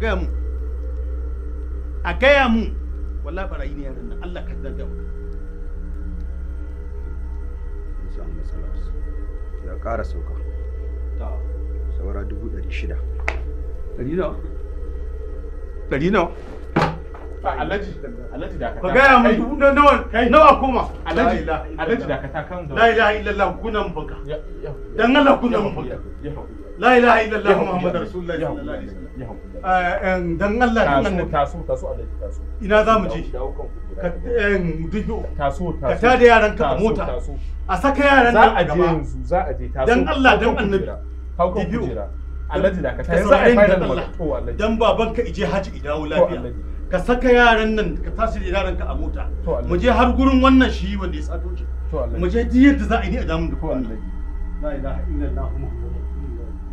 gaya mu a gaya mu walla barayi ne yaran nan Allah ka danga insha Allah matsala ya ƙara sauka ta saura dubu ɗari shida ɗari nawa ɗari nawa alhaji alhaji da ka ta gaya mun na ka ta da la la ilaha illallah ina je ka ka yaran ka a mota a saka yaran nan a gaba za a je yanzu za a je Allah dan annabi haukan kujera alhaji da ka ta yanzu a final magana to wallahi dan baban ka ije haji idawo lafiya ka saka yaran nan ka tashi da yaran ka a mota mu je har gurin wannan shi wanda ya sato shi mu je duk yadda za a yi a damun da ko la ilaha illallah muhammadu rasulullah